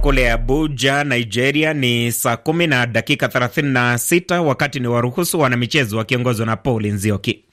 kule Abuja, Nigeria ni saa kumi na dakika 36, wakati ni waruhusu wanamichezo wakiongozwa na Paul Nzioki.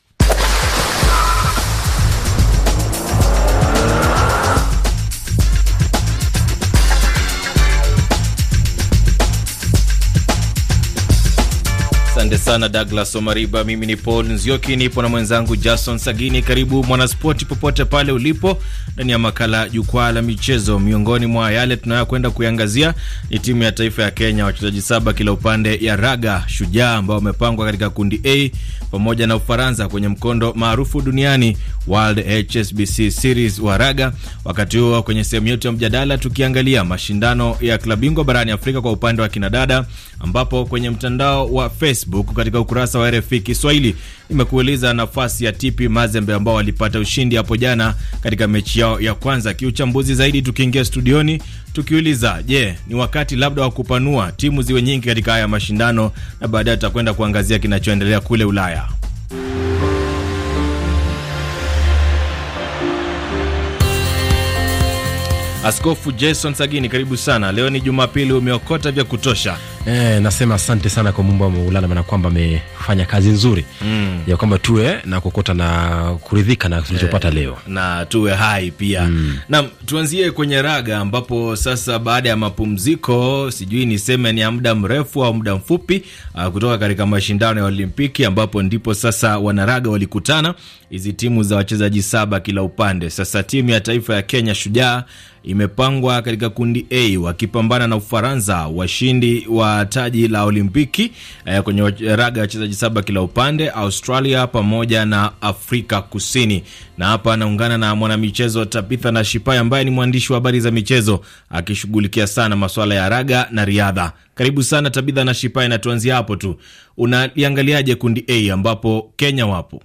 Asante sana Douglas Omariba. Mimi ni Paul Nzioki, nipo na mwenzangu Jason Sagini. Karibu mwanaspoti popote pale ulipo, ndani ya makala Jukwaa la Michezo. Miongoni mwa yale tunayokwenda kuiangazia ni timu ya taifa ya Kenya, wachezaji saba kila upande ya raga Shujaa ambao wamepangwa katika kundi A pamoja na Ufaransa kwenye mkondo maarufu duniani World HSBC Series wa raga. Wakati huo kwenye sehemu yetu ya mjadala tukiangalia mashindano ya klabingwa barani Afrika kwa upande wa kinadada, ambapo kwenye mtandao wa Facebook Facebook katika ukurasa wa RFI Kiswahili imekueleza nafasi ya TP Mazembe ambao walipata ushindi hapo jana katika mechi yao ya kwanza. Kiuchambuzi zaidi tukiingia studioni tukiuliza, je, yeah, ni wakati labda wa kupanua timu ziwe nyingi katika haya mashindano, na baadaye tutakwenda kuangazia kinachoendelea kule Ulaya. Askofu Jason Sagini, karibu sana. Leo ni Jumapili, umeokota vya kutosha. Eh, nasema asante sana kwa Muumba wa Maulana, maana kwamba amefanya kazi nzuri mm. ya kwamba tuwe na kokota na kuridhika na tulichopata eh, leo na tuwe hai pia mm. Na tuanzie kwenye raga ambapo sasa baada ya mapumziko, sijui niseme ni ya muda mrefu au muda mfupi ah, kutoka katika mashindano ya Olimpiki ambapo ndipo sasa wanaraga walikutana hizi timu za wachezaji saba kila upande. Sasa timu ya taifa ya Kenya Shujaa imepangwa katika kundi A wakipambana na Ufaransa, washindi wa taji la Olimpiki eh, kwenye raga ya wachezaji saba kila upande, Australia pamoja na Afrika Kusini. Na hapa anaungana na mwanamichezo Tabitha na Shipai ambaye ni mwandishi wa habari za michezo akishughulikia sana masuala ya raga na riadha. Karibu sana Tabitha na Shipai, na tuanzia hapo tu, unaliangaliaje kundi A ambapo Kenya wapo?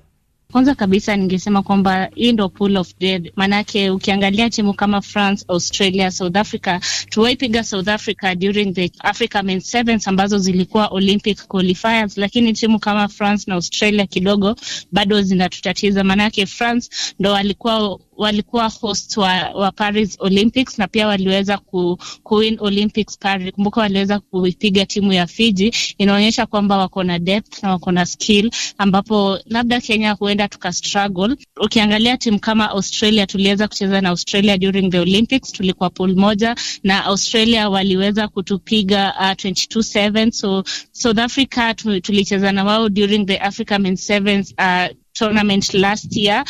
Kwanza kabisa ningesema kwamba hii ndo pool of dead, maanake ukiangalia timu kama France, Australia, South Africa, tuwaipiga South Africa during the Africa Men Sevens ambazo zilikuwa Olympic qualifiers, lakini timu kama France na Australia kidogo bado zinatutatiza, maanake France ndo walikuwa walikuwa host wa, wa Paris Olympics na pia waliweza ku, ku win Olympics Paris. Kumbuka waliweza kuipiga timu ya Fiji. Inaonyesha kwamba wako na depth na wako na skill, ambapo labda Kenya huenda tuka struggle. Ukiangalia timu kama Australia, tuliweza kucheza na Australia during the Olympics, tulikuwa pool moja na Australia waliweza kutupiga uh, 22-7. So South Africa tulicheza na wao during the Africa Men's Sevens uh, tournament last year.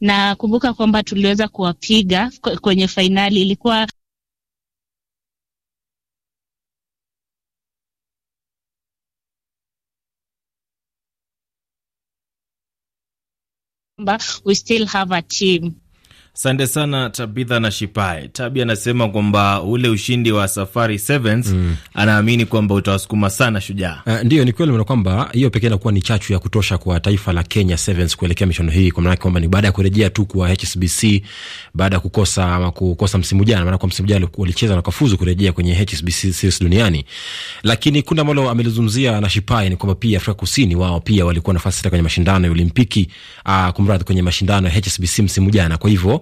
Nakumbuka kwamba tuliweza kuwapiga kwenye fainali, ilikuwa we still have a team. Asante sana Tabitha na Shipae. Tabi anasema kwamba ule ushindi wa Safari Sevens mm. anaamini kwamba utawasukuma sana Shujaa. Uh, ndio ni kweli kwamba hiyo pekee inakuwa ni chachu ya kutosha kwa taifa la Kenya Sevens kuelekea michuano hii, kwa maanake kwamba ni baada ya kurejea tu kwa HSBC baada ya kukosa ama kukosa msimu jana, maana kwa msimu jana walicheza na kufuzu kurejea kwenye HSBC series duniani. Lakini kuna ambalo amelizungumzia na Shipai ni kwamba pia Afrika Kusini wao pia walikuwa nafasi sita kwenye mashindano ya Olimpiki, uh, kumradhi, kwenye mashindano ya HSBC msimu jana, kwa hivyo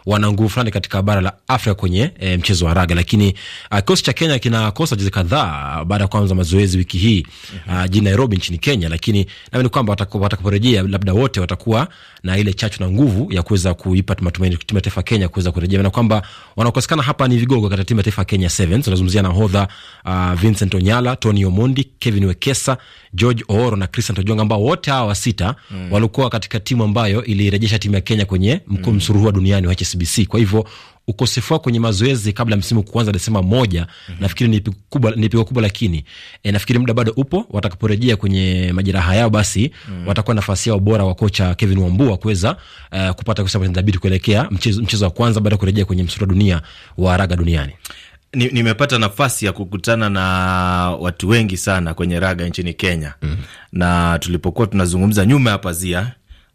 wana nguvu fulani katika bara la Afrika kwenye e, mchezo wa raga, lakini ah, kikosi cha Kenya kinakosa wachezaji kadhaa baada ya kuanza mazoezi wiki hii mhm. ah, jijini Nairobi nchini Kenya, lakini naamini kwamba watakaporejea labda wote watakuwa na ile chachu na nguvu ya kuweza kuipa matumaini timu ya taifa Kenya kuweza kurejea, na kwamba wanaokosekana hapa ni vigogo katika timu ya taifa Kenya Sevens. Tunazungumzia nahodha uh, Vincent Onyala, Tony Omondi, Kevin Wekesa, George Ooro na Christian Tojonga ambao wote hawa wasita mm. walikuwa katika timu ambayo ilirejesha timu ya Kenya kwenye mm. msuruhu wa duniani wa SBC. Kwa hivyo ukosefu wao kwenye mazoezi kabla msimu kuanza Desemba moja, mm -hmm. nafikiri ni pigo kubwa, ni pigo kubwa lakini e, nafikiri muda bado upo. Watakaporejea kwenye majeraha yao, basi mm -hmm. watakuwa nafasi yao bora wa kocha Kevin Wambua kuweza uh, kupata kusababisha kuelekea mchezo, mchezo wa kwanza baada ya kurejea kwenye msuru wa dunia wa raga duniani. Nimepata ni nafasi ya kukutana na watu wengi sana kwenye raga nchini Kenya mm -hmm. na tulipokuwa tunazungumza nyuma ya pazia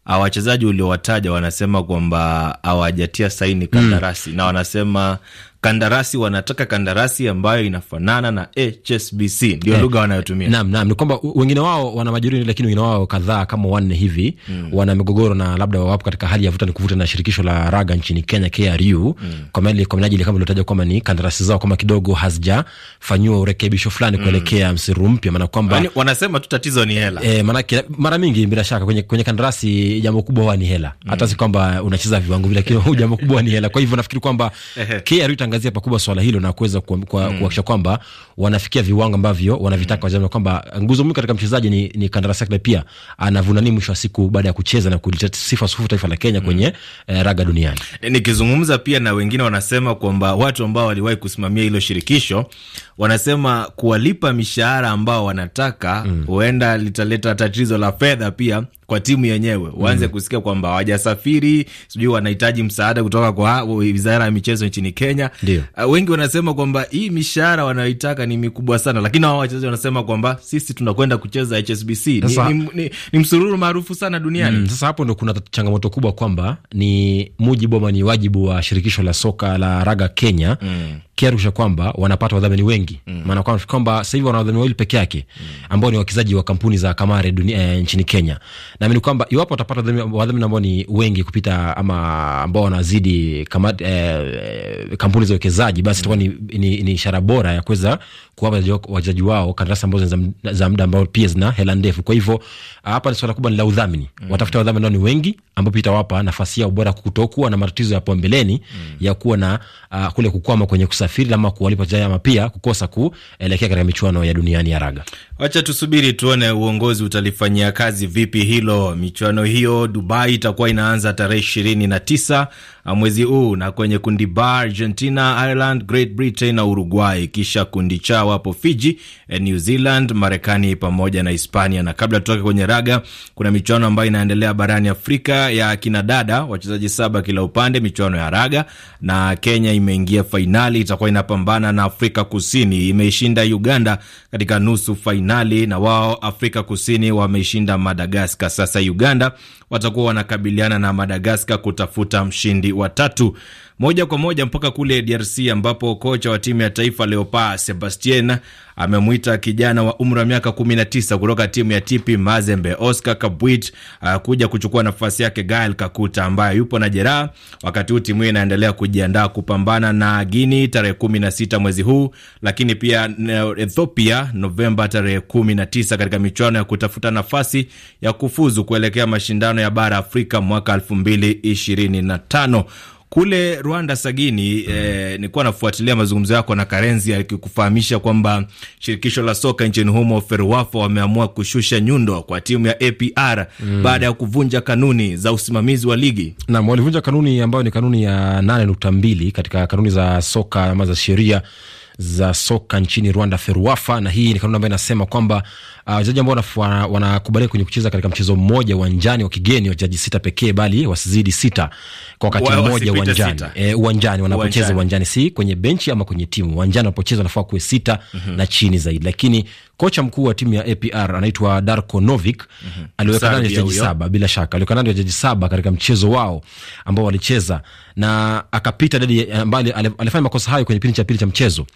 Ah, wachezaji uliowataja wanasema kwamba hawajatia saini mm. kandarasi mm. na wanasema kandarasi wanataka kandarasi ambayo inafanana na HSBC, ndio eh, lugha wanayotumia. Naam, naam, ni kwamba wengine wao wana majeruhi, lakini wengine wao kadhaa kama wanne hivi mm. wana migogoro na labda wapo katika hali ya vuta ni kuvuta na shirikisho la raga nchini Kenya KRU, mm. kwa mali kwa minajili kama uliotaja kwamba ni kandarasi zao kama kidogo hazijafanyiwa urekebisho fulani hmm. kuelekea mm. msimu mpya, maana kwamba yaani, wanasema tu tatizo ni hela eh, maana mara mingi bila shaka kwenye, kwenye kandarasi jambo kubwa huwa ni hela, mm. hata hmm. si kwamba unacheza viwango vile, lakini jambo kubwa ni hela. Kwa hivyo nafikiri kwamba KRU kuangazia pakubwa swala hilo na kuweza hmm. kuhakikisha kwamba wanafikia viwango ambavyo wanavitaka wachezaji, kwamba nguzo muhimu katika mchezaji ni, ni kandarasi yake, pia anavuna nini mwisho wa siku baada ya kucheza na kuleta sifa sufu taifa la Kenya hmm. kwenye eh, raga duniani. Nikizungumza pia na wengine wanasema kwamba watu ambao waliwahi kusimamia hilo shirikisho wanasema kuwalipa mishahara ambao wanataka mm. huenda mm. litaleta tatizo la fedha pia kwa timu yenyewe, waanze mm. kusikia kwamba hawajasafiri, sijui wanahitaji msaada kutoka kwa wizara ya michezo nchini Kenya. Uh, wengi wanasema kwamba hii mishahara wanayoitaka ni mikubwa sana, lakini hao wachezaji wanasema kwamba sisi tunakwenda kucheza HSBC ni, ni, ni, ni msururu maarufu sana duniani mm. Sasa hapo ndo kuna changamoto kubwa kwamba ni mujibu ama ni wajibu wa shirikisho la soka la raga Kenya mm kiarusha kwamba wanapata wadhamini wengi maana mm. maana kwamba sasa hivi wana wadhamini wawili peke yake mm. ambao ni wawekezaji wa kampuni za kamare dunia, e, nchini Kenya. Naamini kwamba iwapo watapata wadhamini ambao ni wengi kupita ama ambao wanazidi kama, e, kampuni za uwekezaji basi itakuwa mm. ni, ni, ni ishara bora ya kuweza kuwapa wachezaji wao kandarasi ambazo za, za muda ambao pia zina hela ndefu. Kwa hivyo hapa ni swala kubwa ni la udhamini mm. watafuta wadhamini ambao ni wengi ambao pia itawapa nafasi yao bora kutokuwa na matatizo ya hapo mbeleni mm. ya kuwa na uh, kule kukwama kwenye kusa kusafiri ama kuwalipa chai ama pia kukosa kuelekea katika michuano ya duniani ya raga. Wacha tusubiri tuone uongozi utalifanyia kazi vipi hilo. Michuano hiyo Dubai itakuwa inaanza tarehe ishirini na tisa ah, mwezi huu, na kwenye kundi ba Argentina, Ireland, Great Britain na Uruguay, kisha kundi cha wapo Fiji, eh, New Zealand, Marekani pamoja na Hispania. Na kabla tutoke kwenye raga, kuna michuano ambayo inaendelea barani Afrika ya kinadada, wachezaji saba kila upande, michuano ya raga, na Kenya imeingia fainali ita itakuwa inapambana na Afrika Kusini. Imeishinda Uganda katika nusu fainali, na wao Afrika Kusini wameshinda Madagaskar. Sasa Uganda watakuwa wanakabiliana na Madagaskar kutafuta mshindi wa tatu. Moja kwa moja mpaka kule DRC ambapo kocha wa timu ya taifa Leopard Sebastien amemwita kijana wa umri wa miaka 19 kutoka timu ya TP Mazembe Oscar Kabwit uh, kuja kuchukua nafasi yake Gael Kakuta ambaye yupo na jeraha, wakati huu timu hiyo inaendelea kujiandaa kupambana na guini tarehe 16 mwezi huu, lakini pia eh, Ethiopia Novemba tarehe 19 katika michuano ya kutafuta nafasi ya kufuzu kuelekea mashindano ya bara Afrika mwaka 2025. Kule Rwanda Sagini, mm. eh, nilikuwa nafuatilia mazungumzo yako na Karenzi akikufahamisha kwamba shirikisho la soka nchini humo FERWAFA wameamua kushusha nyundo kwa timu ya APR mm. baada ya kuvunja kanuni za usimamizi wa ligi. Naam, walivunja kanuni ambayo ni kanuni ya nane nukta mbili katika kanuni za soka ama za sheria za soka nchini Rwanda, FERWAFA, na hii ni kanuni ambayo inasema kwamba Ah, wachezaji ambao wanakubaliwa kwenye kucheza katika mchezo mmoja uwanjani wa kigeni, wachezaji sita pekee, bali wasizidi sita kwa wakati mmoja uwanjani. Eh, uwanjani wanapocheza uwanjani, si kwenye benchi ama kwenye timu. Uwanjani wanapocheza wanafaa kuwe sita mm -hmm. na chini zaidi, lakini kocha mkuu wa timu ya APR anaitwa Darko Novik mm -hmm. aliweka ndani wachezaji saba, bila shaka aliweka ndani wachezaji saba katika mchezo wao ambao walicheza na akapita dadi ambaye alifanya makosa hayo kwenye kipindi cha pili cha mchezo,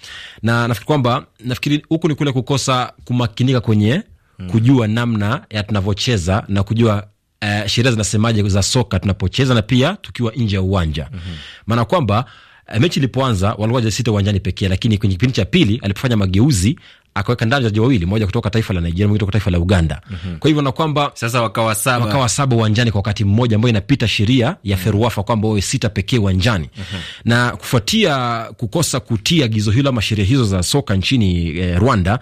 na nafikiri kwamba nafikiri huku ni kule kukosa kumakinika kwenye kujua namna ya tunavyocheza na kujua uh, sheria zinasemaje za soka tunapocheza na pia tukiwa nje ya uwanja mhm. maana mm -hmm. kwamba uh, mechi ilipoanza walikuwa wachezaji sita uwanjani pekee, lakini kwenye kipindi cha pili alipofanya mageuzi akaweka ndani wachezaji wawili, moja kutoka taifa la Nigeria, mwingine kutoka taifa la Uganda. mm -hmm. Kwa hivyo na kwamba sasa wakawa saba, wakawa saba uwanjani kwa wakati mmoja, ambayo inapita sheria ya mhm. FERWAFA kwamba wawe sita pekee uwanjani. mm -hmm. na kufuatia kukosa kutia agizo hilo ama sheria hizo za soka nchini eh, Rwanda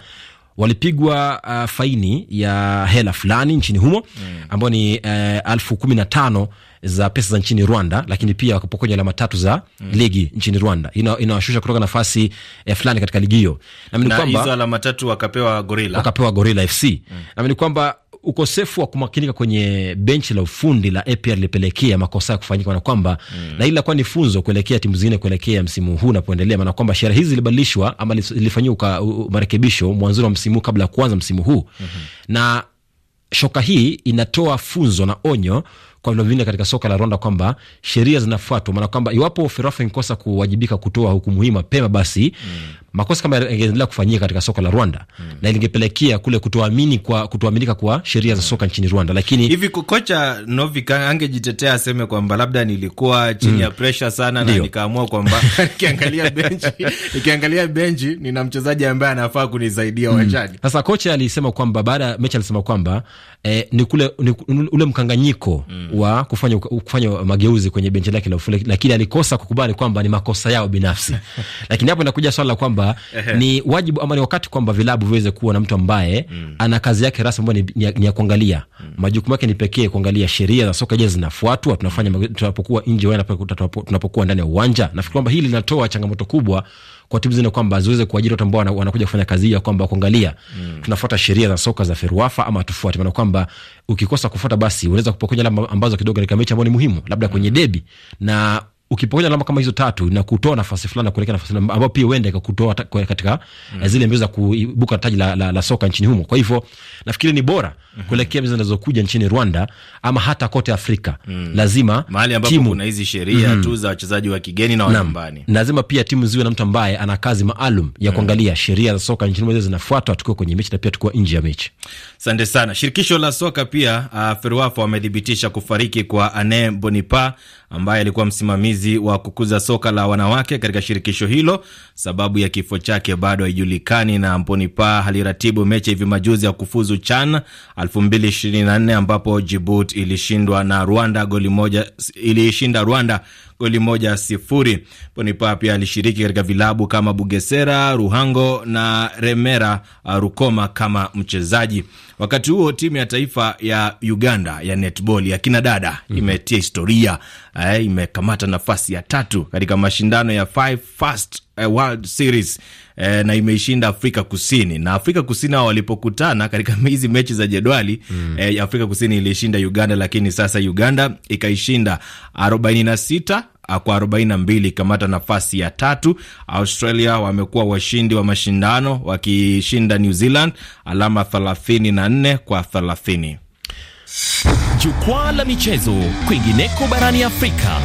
walipigwa uh, faini ya hela fulani nchini humo mm. ambayo ni uh, elfu kumi na tano za pesa za nchini Rwanda, lakini pia wakapokonya alama tatu za mm. ligi nchini Rwanda, inawashusha kutoka nafasi eh, fulani katika ligi hiyo. Naamini kwamba hizo alama tatu wakapewa Gorila, wakapewa Gorila FC mm. naamini kwamba ukosefu wa kumakinika kwenye benchi la ufundi la APR lipelekea makosa ya kufanyika, na kwamba mm. na ila kuwa ni funzo kuelekea timu zingine kuelekea msimu huu unapoendelea, maana kwamba sherehe hizi zilibadilishwa ama zilifanyiwa marekebisho mwanzoni wa msimu kabla ya kuanza msimu huu mm -hmm. na shoka hii inatoa funzo na onyo kwa vilo vingine katika soka la Rwanda kwamba sheria zinafuatwa, maana kwamba iwapo FERAFA inkosa kuwajibika kutoa hukumu hii mapema, basi mm makosa kama yangeendelea kufanyika katika soka la Rwanda mm. na ilingepelekea kule kutoamini kwa kutoaminika kwa sheria za soka nchini Rwanda. Lakini hivi kocha Novik angejitetea aseme kwamba labda nilikuwa chini mm. ya presha sana Dio. na nikaamua kwamba nikiangalia benchi nikiangalia benchi nina mchezaji ambaye anafaa kunisaidia mm. uwanjani mm. Sasa kocha alisema kwamba baada ya mechi alisema kwamba eh, ni kule ni ule mkanganyiko mm. wa kufanya kufanya mageuzi kwenye benchi lake la ufundi, lakini alikosa kukubali kwamba ni makosa yao binafsi lakini hapo inakuja swala la kwamba kwamba ni wajibu ama ni wakati kwamba vilabu viweze kuwa na mtu ambaye mm. ana kazi yake rasmi ambayo ni, ni, ni ya kuangalia mm. majukumu yake ni pekee kuangalia sheria za soka je, zinafuatwa, tunafanya mm. tunapokuwa nje wa tunapokuwa ndani ya uwanja. Nafikiri kwamba hili linatoa changamoto kubwa kwa timu zingine kwamba ziweze kuajiri watu ambao wanakuja kufanya kazi ya kwamba kuangalia mm. tunafuata sheria za soka za FERWAFA ama tufuate, maana kwamba ukikosa kufuata basi unaweza kupokonya alama ambazo kidogo katika mechi ambayo ni muhimu, labda kwenye mm. debi na ukipokonya alama kama hizo tatu na kutoa nafasi fulani na kuelekea nafasi ambayo pia huenda ikakutoa katika mm. zile mbio za kuibuka taji la, la, la soka nchini humo. Kwa hivyo nafikiri ni bora mm -hmm. kuelekea mbio zinazokuja nchini Rwanda ama hata kote Afrika mm. lazima mahali ambapo timu, kuna hizi sheria mm. tu za wachezaji wa kigeni na wa nyumbani, lazima pia timu ziwe na mtu ambaye ana kazi maalum ya mm. kuangalia mm. sheria za soka nchini mwezo zinafuatwa tukiwa kwenye mechi na pia tukiwa nje ya mechi. Asante sana. Shirikisho la soka pia uh, ah, FERWAFA wamethibitisha kufariki kwa Anne Bonipa ambaye alikuwa msimamizi wa kukuza soka la wanawake katika shirikisho hilo. Sababu ya kifo chake bado haijulikani, na pa aliratibu mechi hivi majuzi ya kufuzu CHAN 2024 ambapo Djibouti ilishindwa na Rwanda goli moja, iliishinda Rwanda goli moja sifuri. Bonipa pia alishiriki katika vilabu kama Bugesera, Ruhango na Remera uh, Rukoma kama mchezaji. Wakati huo timu ya taifa ya Uganda ya netball ya kina dada mm -hmm. imetia historia eh, imekamata nafasi ya tatu katika mashindano ya Five Fast eh, World Series eh, na imeishinda Afrika Kusini na Afrika Kusini hao walipokutana katika hizi mechi za jedwali mm. eh, Afrika Kusini ilishinda Uganda, lakini sasa Uganda ikaishinda 46 ah, kwa 42 ikamata nafasi ya tatu. Australia wamekuwa washindi wa mashindano wakishinda New Zealand alama 34 kwa 30. Jukwaa la michezo kwingineko barani Afrika.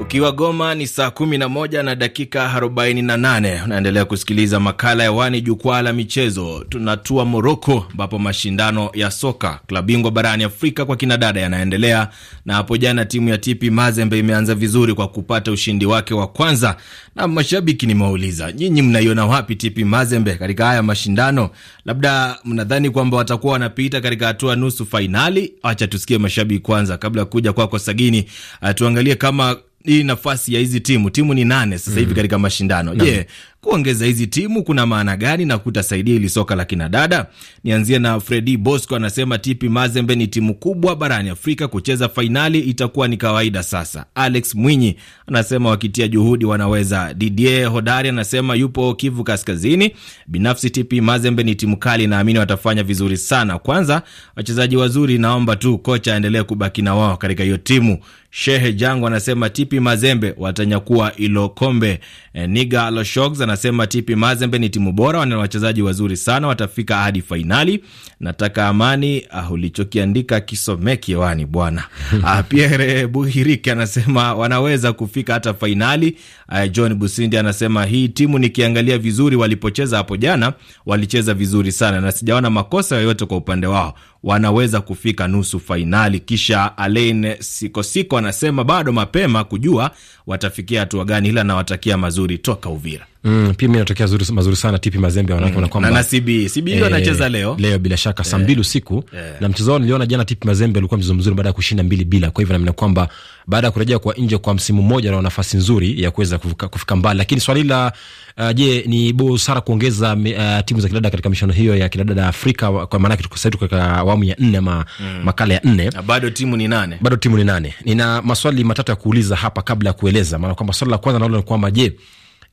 Ukiwa Goma ni saa 11 na na dakika 48. Unaendelea kusikiliza makala ya wani jukwaa la michezo. Tunatua Moroko ambapo mashindano ya soka klabu bingwa barani Afrika kwa kinadada yanaendelea, na hapo jana timu ya TP Mazembe imeanza vizuri kwa kupata ushindi wake wa kwanza, na mashabiki nimewauliza, nyinyi mnaiona wapi TP Mazembe katika haya mashindano? Labda mnadhani kwamba watakuwa wanapita katika hatua nusu fainali? Acha tusikie mashabiki kwanza, kabla ya kuja kwako Sagini. Ah, tuangalie kama hii nafasi ya hizi timu timu ni nane sasa hivi mm. katika mashindano. Je, yeah kuongeza hizi timu kuna maana gani na kutasaidia ili soka la kinadada? Nianzie na Fredi Bosco anasema TP Mazembe ni timu kubwa barani Afrika, kucheza fainali itakuwa ni kawaida sasa. Alex Mwinyi anasema wakitia juhudi wanaweza. Didier Hodari anasema yupo Kivu Kaskazini. Binafsi TP Mazembe ni timu kali, naamini watafanya vizuri sana. Kwanza wachezaji wazuri, naomba tu kocha aendelee kubaki na wao katika hiyo timu. Shehe Jango anasema TP Mazembe watanyakua ilo kombe. E, eh, Niga Loshogs anasema TP Mazembe ni timu bora, wana wachezaji wazuri sana, watafika hadi fainali. Nataka amani, ah, ulichokiandika kisomeke wani bwana. Ah, Pierre Buhiriki anasema wanaweza kufika hata fainali. Ah, John Busindi anasema hii timu nikiangalia vizuri, walipocheza hapo jana walicheza vizuri sana na sijaona makosa yoyote kwa upande wao, wanaweza kufika nusu fainali. Kisha Alain Sikosiko anasema bado mapema kujua watafikia hatua gani, ila nawatakia mazuri toka Uvira. Mm, pia mi natokea mazuri sana tipi Mazembe ya wanawake mm. wanakwamba na CB CB eh, wanacheza leo leo bila shaka saa eh, mbili usiku yeah. Na mchezo niliona jana, tipi Mazembe alikuwa mchezo mzuri baada ya kushinda mbili bila. Kwa hivyo naamini kwamba baada ya kurejea kwa nje kwa msimu mmoja na nafasi nzuri ya kuweza kufika, kufika mbali, lakini swali la uh, je, ni busara kuongeza uh, timu za kidada katika michuano hiyo ya kidada Afrika kwa maana tuko sasa katika awamu ya nne ama mm, makala ya nne na bado timu ni nane, bado timu ni nane. Nina maswali matatu ya kuuliza hapa kabla ya kueleza, maana kwamba swali la kwanza naona ni kwamba je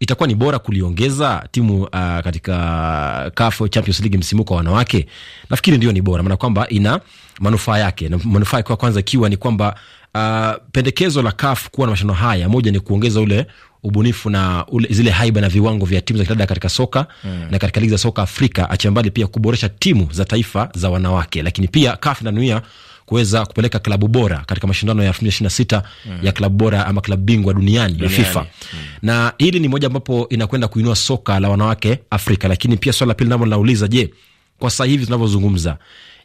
itakuwa ni bora kuliongeza timu uh, katika CAF Champions League msimu kwa wanawake? Nafikiri ndio ni bora, maana kwamba ina manufaa yake, na manufaa kwa kwanza ikiwa ni kwamba uh, pendekezo la CAF kuwa na mashindano haya, moja ni kuongeza ule ubunifu na ule, zile haiba na viwango vya timu za kidada katika soka mm, na katika ligi za soka Afrika, achiambali pia kuboresha timu za taifa za wanawake, lakini pia CAF inanuia kuweza kupeleka klabu bora katika mashindano ya 2026 mm. ya klabu bora ama klabu bingwa duniani, duniani ya FIFA mm. na hili ni moja ambapo inakwenda kuinua soka la wanawake Afrika. Lakini pia swala la pili navo linauliza, je, kwa sasa hivi tunavyozungumza,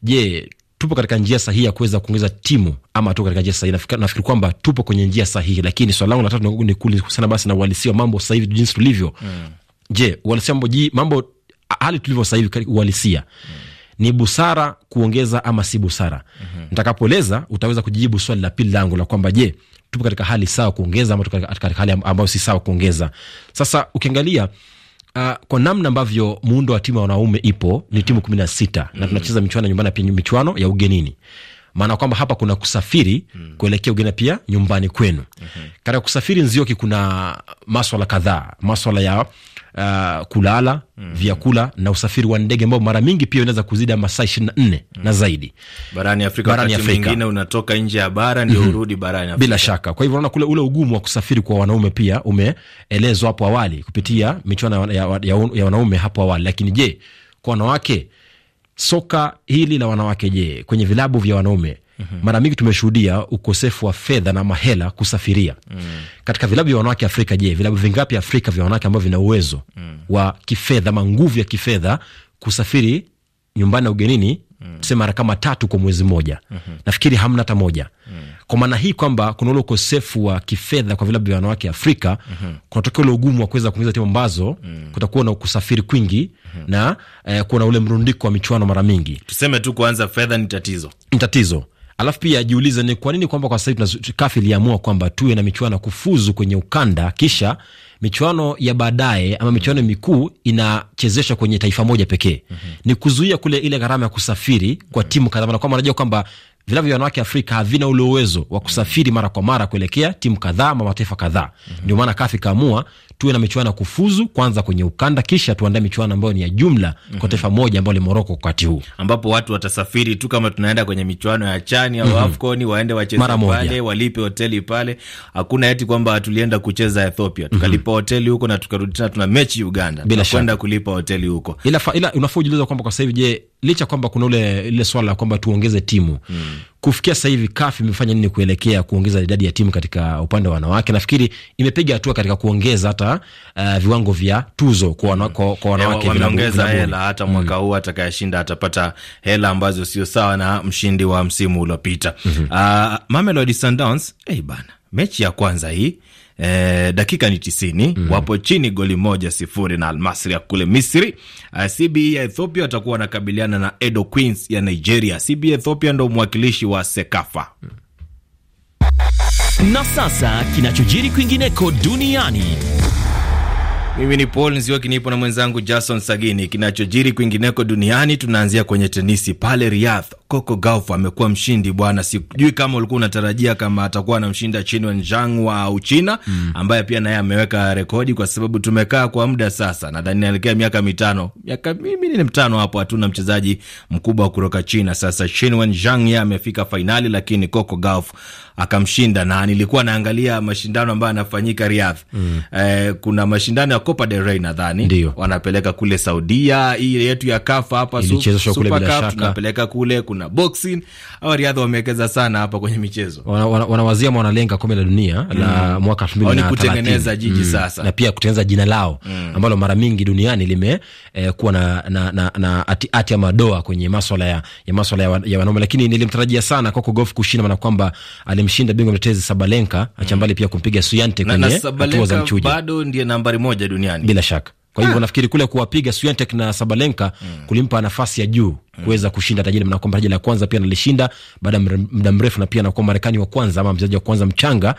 je tupo katika njia sahihi ya kuweza kuongeza timu ama tuko katika njia sahihi? Nafikiri kwamba tupo kwenye njia sahihi, lakini swala langu la tatu ni kuli kuhusiana basi na uhalisia wa mambo sasa hivi jinsi tulivyo. mm. Je, uhalisia mambo, mambo hali tulivyo sasa hivi uhalisia mm ni busara kuongeza ama si busara? mm-hmm. Nitakapoeleza utaweza kujibu swali la pili langu la kwamba je, tupo katika hali sawa kuongeza ama katika hali ambayo si sawa kuongeza. Sasa ukiangalia Uh, kwa namna ambavyo muundo wa timu ya wanaume ipo ni timu kumi na sita mm. na mhm. tunacheza michuano nyumbani pia michuano ya ugenini, maana kwamba hapa kuna kusafiri mm. kuelekea ugeni pia nyumbani kwenu. mm -hmm. Katika kusafiri Nzioki kuna maswala kadhaa, maswala ya uh, kulala mm. -hmm. vyakula na usafiri wa ndege ambao mara mingi pia unaweza kuzidi masaa ishirini na nne mm. na zaidi barani Afrika, barani Afrika. Mwingine unatoka nje ya bara ndio mm -hmm. urudi barani Afrika. Bila shaka, kwa hivyo unaona kule ule ugumu wa kusafiri kwa wanaume pia umeelezwa hapo awali kupitia michuano ya, ya, ya, ya wanaume hapo awali, lakini je, kwa wanawake soka hili la wanawake, je, kwenye vilabu vya wanaume mm -hmm. mara mingi tumeshuhudia ukosefu wa fedha na mahela kusafiria mm -hmm. katika vilabu vya wanawake Afrika. Je, vilabu vingapi Afrika vya wanawake ambavyo vina uwezo mm -hmm. wa kifedha ama nguvu ya kifedha kusafiri nyumbani na ugenini mm. tuseme mara kama tatu kwa mwezi mmoja mm -hmm. nafikiri hamna hata moja mm. hmm kwa maana hii kwamba kuna ule ukosefu wa kifedha kwa vilabu vya wanawake Afrika mm -hmm. kunatokea ule ugumu wa kuweza kuingiza timu ambazo mm. hmm kutakuwa na kusafiri kwingi mm -hmm. na eh, kuna ule mrundiko wa michuano mara mingi, tuseme tu kuanza fedha ni tatizo, ni tatizo alafu pia ajiulize ni kwa nini kwamba kwa sasa hivi CAF iliamua kwamba tuwe na michuano kufuzu kwenye ukanda, kisha michuano ya baadaye ama michuano mikuu inachezeshwa kwenye taifa moja pekee. mm -hmm. Ni kuzuia kule ile gharama ya kusafiri kwa mhm. timu kadhaa, kwamba kwamba vilabu vya wanawake Afrika havina ule uwezo wa mhm. kusafiri mara kwa mara kuelekea timu kadhaa ama mataifa kadhaa. mm -hmm. Ndio maana kafi kaamua tuwe na michuano ya kufuzu kwanza kwenye ukanda, kisha tuandae michuano ambayo ni ya jumla mm -hmm. kwa mhm. taifa moja ambayo ni Moroko wakati huu ambapo watu watasafiri tu, kama tunaenda kwenye michuano ya chani au mm -hmm. Afcon, waende wacheze pale, walipe hoteli pale. Hakuna eti kwamba tulienda kucheza Ethiopia mhm. tukalipa mm -hmm. hoteli huko na tukarudi tena tuna mechi Uganda, tunakwenda kulipa hoteli huko, ila, ila unafaa ujiuliza kwamba kwa sasa hivi, je, licha kwamba kuna ule ile swala la kwamba tuongeze timu mm -hmm kufikia sasa hivi CAF imefanya nini kuelekea kuongeza idadi ya timu katika upande wa wanawake? Nafikiri imepiga hatua katika kuongeza hata uh, viwango vya tuzo kwa, wana, kwa, kwa wanawake. Wameongeza hela hata mm. mwaka huu, atakayeshinda atapata hela ambazo sio sawa na mshindi wa msimu uliopita. mm -hmm. Uh, Mamelodi Sundowns, hey eh, bana, mechi ya kwanza hii eh, dakika ni tisini mm. wapo chini goli moja sifuri na Almasri ya kule Misri. Uh, eh, CB ya Ethiopia watakuwa wanakabiliana na Edo Queens ya Nigeria. CB ya Ethiopia ndo mwakilishi wa Sekafa mm. Na sasa kinachojiri kwingineko duniani mimi ni Paul Nzioki, nipo na mwenzangu Jason Sagini. Kinachojiri kwingineko duniani, tunaanzia kwenye tenisi pale Riyadh. Coco Gauff amekuwa mshindi bwana, sijui kama ulikuwa unatarajia kama atakuwa na mshinda Chen Wenjang wa Uchina mm, ambaye pia naye ameweka rekodi, kwa sababu tumekaa kwa muda sasa, nadhani naelekea miaka mitano, miaka minne mitano hapo, hatuna mchezaji mkubwa kutoka China. Sasa Chen Wenjang yeye amefika fainali, lakini Coco Gauff akamshinda, na nilikuwa naangalia mashindano ambayo anafanyika Riyadh mm, eh, kuna mashindano ya Copa del Rey nadhani wanapeleka kule Saudia. Hii yetu ya kafa hapa Super Cup tunapeleka kule, kuna boxing au riadha. Wamewekeza sana hapa kwenye michezo, wanawazia wana wana wanalenga kombe la dunia mm. la mwaka 2030 ni kutengeneza jiji mm. sasa na pia kutengeneza jina lao mm. ambalo mara mingi duniani lime eh, kuwa na na na, na ati, ati ama doa kwenye maswala ya, ya maswala ya, ya wanaume, lakini nilimtarajia sana Coco Gauff kushinda, maana kwamba alimshinda bingwa mtetezi Sabalenka achambali pia kumpiga Suyante kwenye hatua za mchujo, bado ndiye nambari moja duniani bila shaka. Kwa hivyo ah. nafikiri kule kuwapiga Swiatek na Sabalenka mm. kulimpa nafasi ya juu hmm. kuweza kushinda taji na kwamba la kwanza pia nalishinda baada ya muda mrefu, na pia anakuwa Marekani wa kwanza ama mchezaji wa kwanza mchanga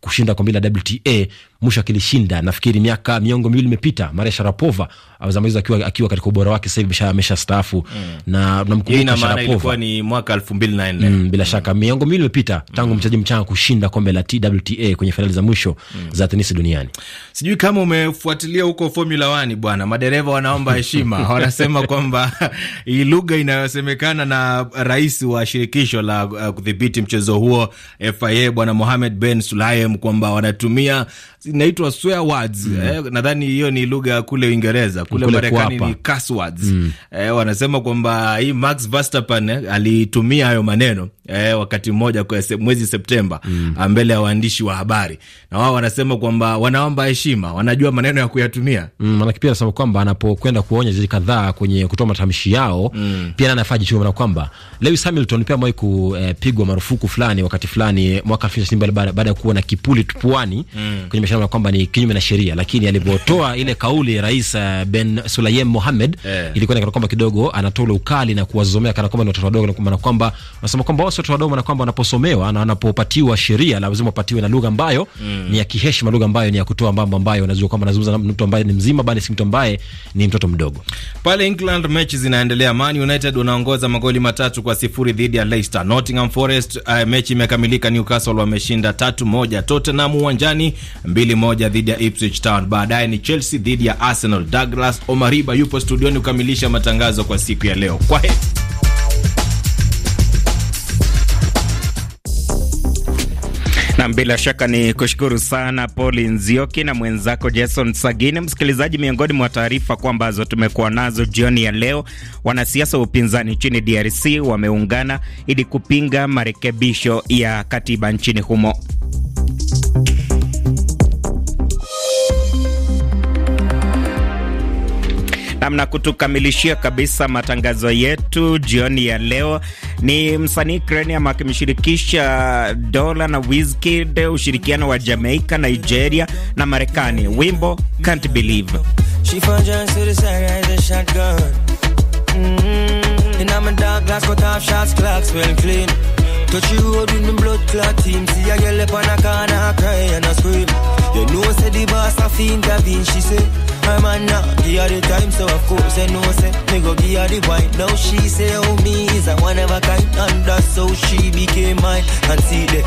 kushinda kombe la WTA mwisho akilishinda nafikiri miaka miongo miwili imepita. Maria Sharapova uh, zamaliza akiwa, akiwa katika ubora wake, sasa hivi amesha staafu mm. na namkumbuka ni mwaka elfu mbili na nne mm, bila mm. shaka miongo miwili imepita tangu mm. mchezaji mchanga kushinda kombe la TWTA kwenye fainali za mwisho mm. za tenisi duniani. Sijui kama umefuatilia huko Formula 1 bwana, madereva wanaomba heshima wanasema kwamba hii lugha inayosemekana na rais wa shirikisho la uh, kudhibiti mchezo huo FIA bwana Mohamed Ben Sulayem kwamba wanatumia inaitwa swear words mm. Eh, nadhani hiyo ni lugha kule Uingereza, kule Marekani ni cuss words mm. Eh, wanasema kwamba hii Max Verstappen eh, alitumia hayo maneno eh, wakati mmoja kwa se, mwezi Septemba mm. Ah, mbele ya waandishi wa habari, na wao wanasema kwamba wanaomba heshima, wanajua maneno ya kuyatumia mm, manake pia anasema kwamba anapokwenda kuonya jiji kadhaa kwenye kutoa matamshi yao mm. pia anafaa jichuma na kwamba Lewis Hamilton pia amewahi kupigwa eh, marufuku fulani wakati fulani mwaka 20 baada ya kuwa na kipuli tupuani mm. kwenye akisema kwamba ni kinyume na sheria, lakini alivyotoa ile kauli Rais eh, Ben Sulayem Mohamed yeah. ilikuwa ni kwamba kidogo anatoa ukali na kuwazomea kana kwamba ni watoto wadogo, na kwamba anasema kwamba wao watoto wadogo, na kwamba wanaposomewa na wanapopatiwa sheria lazima wapatiwe na lugha ambayo mm. ni ya kiheshima, lugha ambayo ni ya kutoa mambo ambayo unajua kwamba nazungumza na mtu ambaye ni mzima, bali si mtu ambaye ni mtoto mdogo. Pale England mechi zinaendelea, Man United wanaongoza magoli matatu kwa sifuri dhidi ya Leicester. Nottingham Forest uh, mechi imekamilika, Newcastle wameshinda tatu moja. Tottenham uwanjani mbili moja dhidi ya Ipswich Town. Baadaye ni Chelsea dhidi ya Arsenal. Douglas Omariba yupo studioni kukamilisha matangazo kwa siku ya leo. Kwa heri. Na bila shaka ni kushukuru sana Paul Nzioki na mwenzako Jason Sagini. Msikilizaji, miongoni mwa taarifa kwa ambazo tumekuwa nazo jioni ya leo, wanasiasa wa upinzani nchini DRC wameungana ili kupinga marekebisho ya katiba nchini humo. Namna kutukamilishia kabisa matangazo yetu jioni ya leo ni msanii Cranium akimshirikisha Dola na Wizkid, ushirikiano wa Jamaica, Nigeria na Marekani, wimbo Can't Believe. Mm-hmm. Touch you blood clot team See a girl up on a corner cry and a scream You know the boss a fiend a She My man now, give her the time, so of course I know say Me go give her the wine, now she say oh me is a one of a kind And that's how she became mine, and see that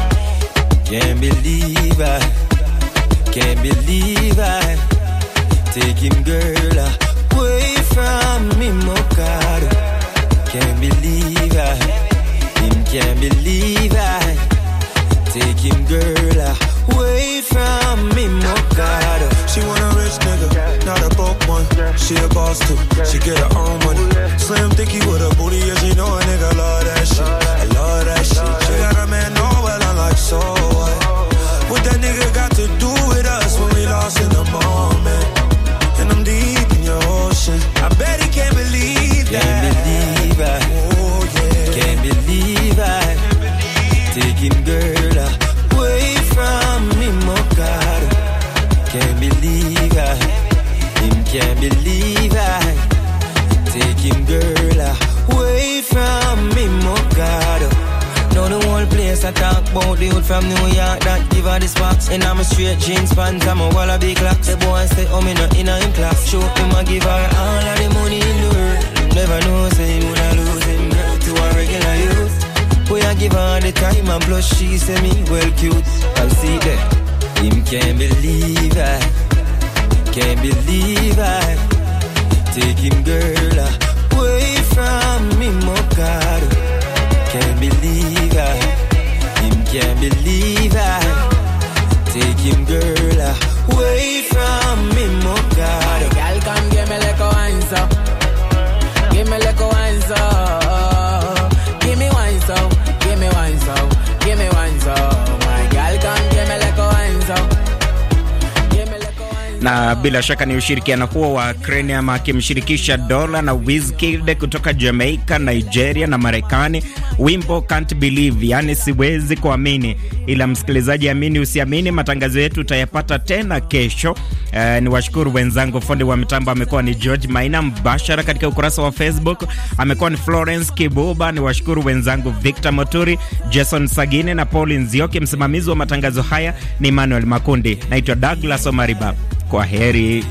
Can't believe I, can't believe I Take him girl away from me, Mokado Can't believe I, him can't believe I Take him girl away from me, Mokado she want a rich nigga, not a broke one. She a boss too, she get her own money. Slim thicky with a booty, and she know a nigga love that shit. I love that shit. She got a man, all well, I'm like, so what? What that nigga got to do with us when we lost in the moment? believe I taking girl, away from him, oh God. Now the whole place I talk about the hood from New York that give her the sparks. And I'm a straight jeans pants, I'm a wallaby clock. The boy say, oh, me not in him class. Show him I give her all of the money in the world. Never know, say, him would I lose him girl, to a regular youth. Boy I give her the time and blush, she say me well cute. I will see that, him can't believe I can't believe I take him, girl, away from me, oh God. Can't believe I, him can't believe I take him, girl, away from me, oh God. bila shaka ni ushirikiano huo wa Cranham akimshirikisha Dola na Wizkid kutoka Jamaica, Nigeria na Marekani, wimbo Can't Believe, yani siwezi kuamini. Ila msikilizaji, amini usiamini, matangazo yetu utayapata tena kesho. Uh, ni washukuru wenzangu, fundi wa mitambo amekuwa ni George Maina, mbashara katika ukurasa wa Facebook amekuwa ni Florence Kibuba. Ni washukuru wenzangu Victor Moturi, Jason Sagine na Paul Nzioki. Msimamizi wa matangazo haya ni Emmanuel Makundi. Naitwa Douglas Omariba. correre